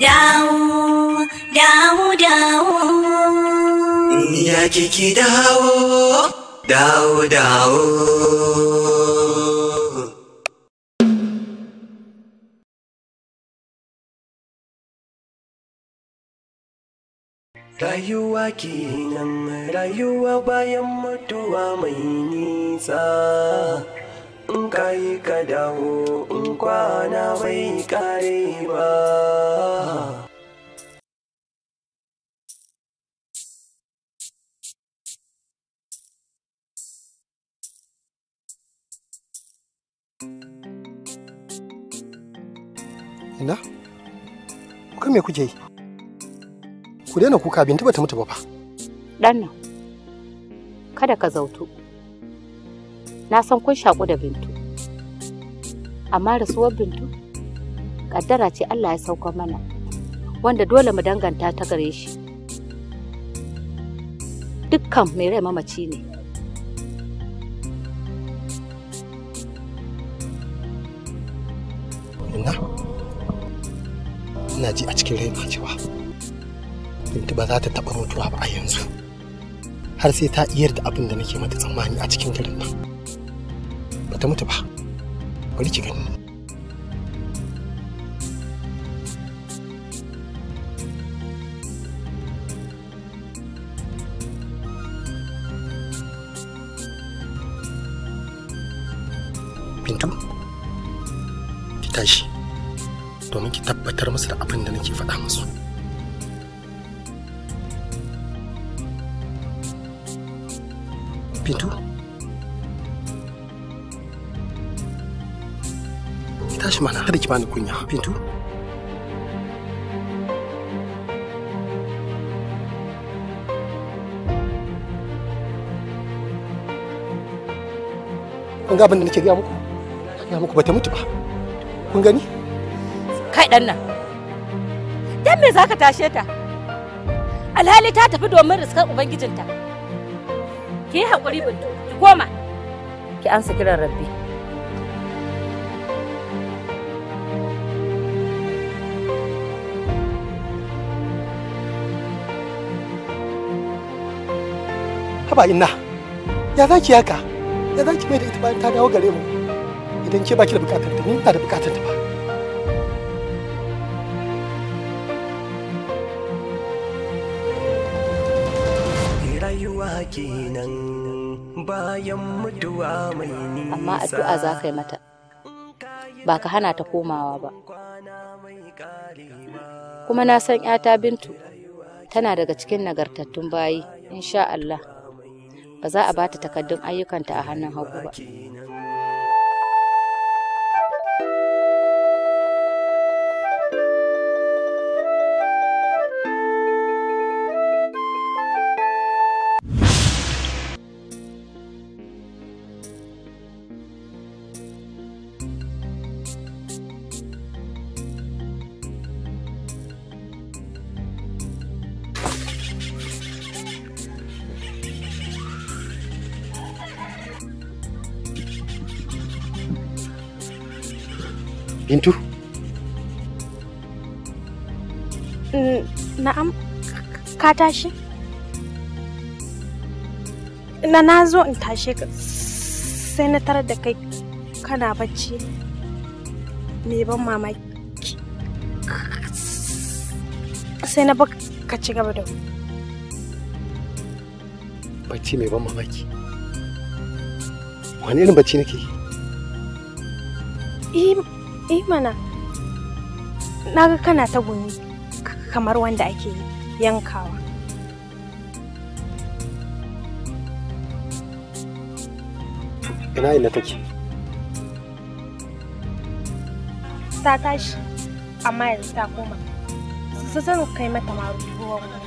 dawo dawo dawo ya kiki dawo dawo dawo Rayuwa kenan rayuwa bayan mutuwa mai nisa. kai ka dawo in kwana bai kare ba Ina? Kuka me kuke yi? Ku daina kuka bintu ta mutu ba fa. Dan nan, kada ka zautu. Na san kun shaƙu da bintu. amma rasuwar bintu kaddara ce Allah ya sauka mana wanda dole mu danganta ta gare shi dukkan mai rai mamaci ne ina ina ji a cikin raina cewa bintu ba za ta taɓa mutuwa ba a yanzu har sai ta iyar da abin da nake mata tsammani a cikin garin nan ba ta mutu ba bari ki ki domin ki tabbatar musu da abin da nake faɗa masu Bintu, tashi mana kada ki bani kunya bintu kun ga abin nake gaya muku gaya muku bata mutu ba kun gani kai dan nan dan me zaka tashe ta alhali ta tafi domin riskar ubangijinta ki yi hakuri bintu ki koma ki ansa kiran rabbi ba inna ya za ki haka ya za ki mai da ita bayan ta dawo gare mu idan ke baki da bukatar ta ni ina da bukatar ta ba rayuwa kenan bayan mutuwa mai amma addu'a za ka yi mata ba ka hana ta komawa ba kuma na san 'yata bintu tana daga cikin nagartattun bayi insha Allah ba za a bata takaddun ayyukanta a hannun hagu ba Bintu? Mm, na'am, ka tashi? Na na zo in tashe ka sai na tarar da kai kana bacci mai ban mamaki. Sai na baka ka ci gaba da Bacci mai ban mamaki. Wani irin bacci nake yi? eh mana na ga kana ta gumi kamar wanda ake yankawa ina ina take ta tashi amma yanzu ta koma su zan kai mata ma ruwan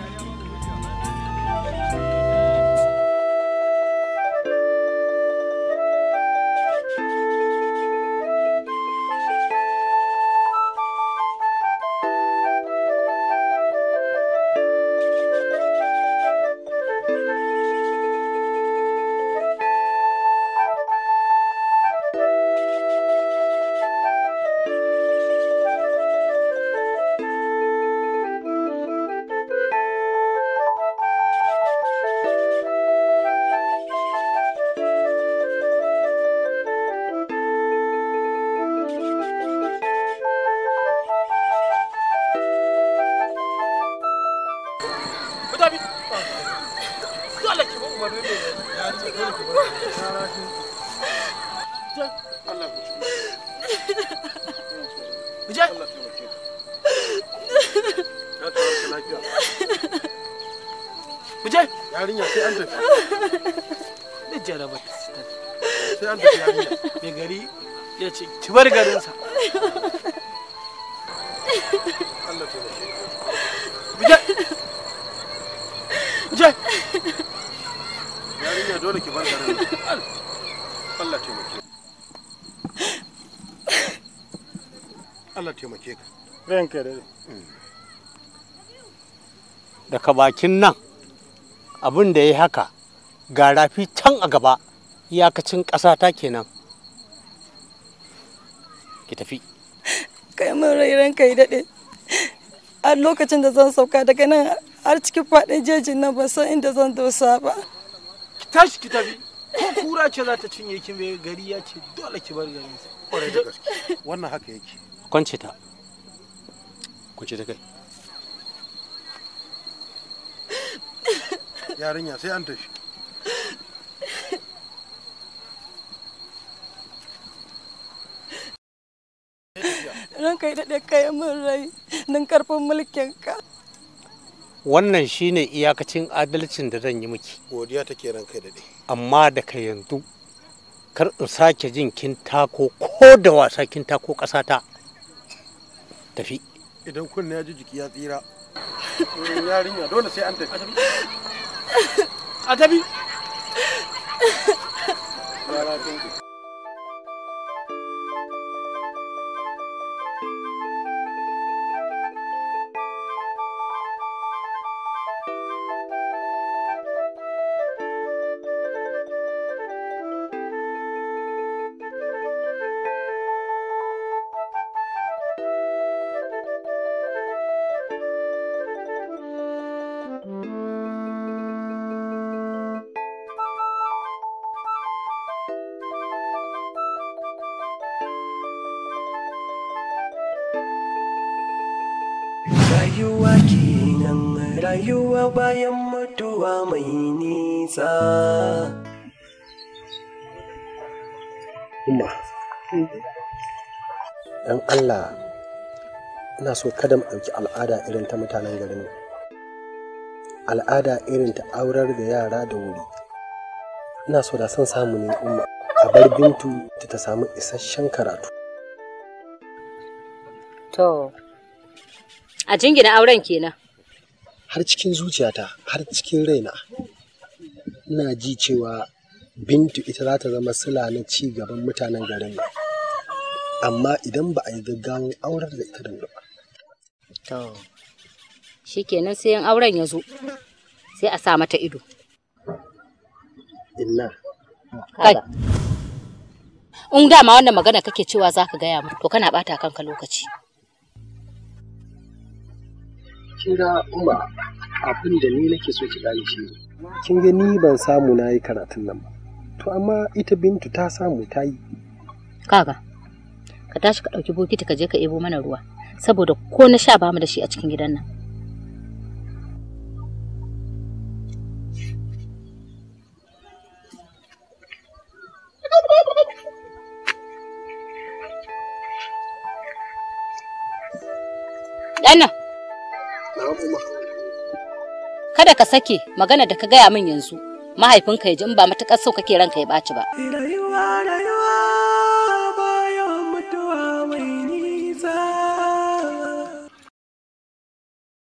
Muje? Yarinya sai an tafi. Da jaraba ta Sai an tafi yarinya. Mai gari ya ce ki bar Allah ta Muje? Muje? yarinya dole ki bar garin Allah taimake Allah taimake ka mm. daga bakin nan abin da ya yi haka ga rafi can a gaba iyakacin ƙasa ta kenan ki tafi kai mun rai ranka yi daɗe a lokacin da zan sauka daga nan har cikin faɗin jejin nan ba san inda zan dosa ba tashi ki tafi ko kura ce za ta cinye ki mai gari ya ce dole ki bar garin sa kwarai da gaske wannan haka yake kwance ta kwance ta kai yarinya sai an tashi ranka yi daɗe kayan min rai nan karfin mulkinka wannan shine iyakacin adalcin da zan yi miki godiya take ran kai dade amma daga yanzu kar in sake jin kin tako ko da wasa kin tako ta tafi idan kunna ya ji jiki ya tsira eh, yarinya dole sai an tafi a tafi rayuwa kenan rayuwa bayan mutuwa mai nisa Umar, ɗan Allah ina so kada mu ɗauki al'ada irin ta mutanen garin al'ada irin ta aurar da yara da wuri ina so da son samu ne umma a bar bintu ta samu isasshen karatu to A jingina auren kenan. Har cikin zuciyata, har cikin raina. Ina ji cewa Bintu ita za ta zama sila na ci gaban mutanen garin nan. Amma idan ba a yi gaggawan aurar da ita da wuri ba. To, shi kenan sai auren ya zo, sai a sa mata ido. Inna. Kai. In dama wannan magana kake cewa za ka gaya mu, to kana bata kanka lokaci. kin ga umma abin da ni nake so ki gane shi kin ga ni ban samu na yi karatun nan ba to amma ita bintu ta samu ta yi kaga ka tashi ka ɗauki bokiti ka je ka ebo mana ruwa saboda ko na sha bamu da shi a cikin gidan nan Dana. Kada ka sake magana da ka gaya min yanzu mahaifinka ya ji in ba matakar sau kake ranka ya ɓaci ba.